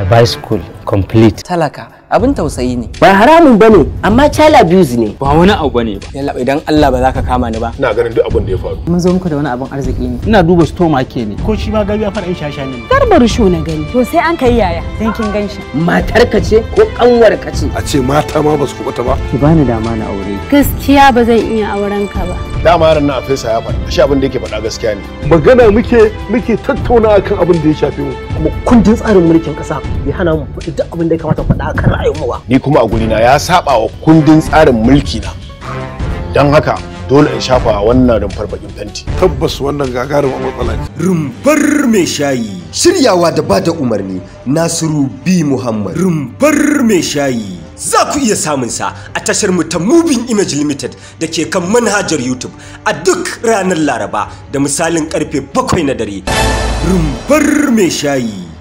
a bicycle complete talaka abin tausayi ne ba haramun bane amma child abuse ne ba wani abu bane ba yalla idan Allah ba za ka kama ni ba ina ganin duk abin da ya faru mun zo muku da wani abin arziki ne ina duba stoma ke ne ko shi ma gari ya fara yin shasha ne darbar sho na gani to sai an kai yaya dan kin ganshi matar ka ce ko kanwar ka ce a ce mata ma ba su kubuta ba ki bani dama na aure gaskiya ba zan iya auren ka ba dama ran na afisa ya A shi abin da yake faɗa gaskiya ne magana muke muke tattauna akan abin da ya shafe mu kuma kundin tsarin mulkin kasa ya hana mu faɗi duk abin da ya kamata faɗa akan a ni kuma a gurina ya saba wa kundin tsarin mulki na don haka dole in shafa wannan rumfar bakin fenti. Tabbas wannan gagarin matsala ce. Rumfar mai shayi. Shiryawa da ba da umarni Nasiru B Muhammad. Rumfar mai shayi. Za ku iya samun sa a tashar mu ta Moving Image Limited da ke kan manhajar YouTube a duk ranar Laraba da misalin karfe bakwai na dare. Rumfar mai shayi.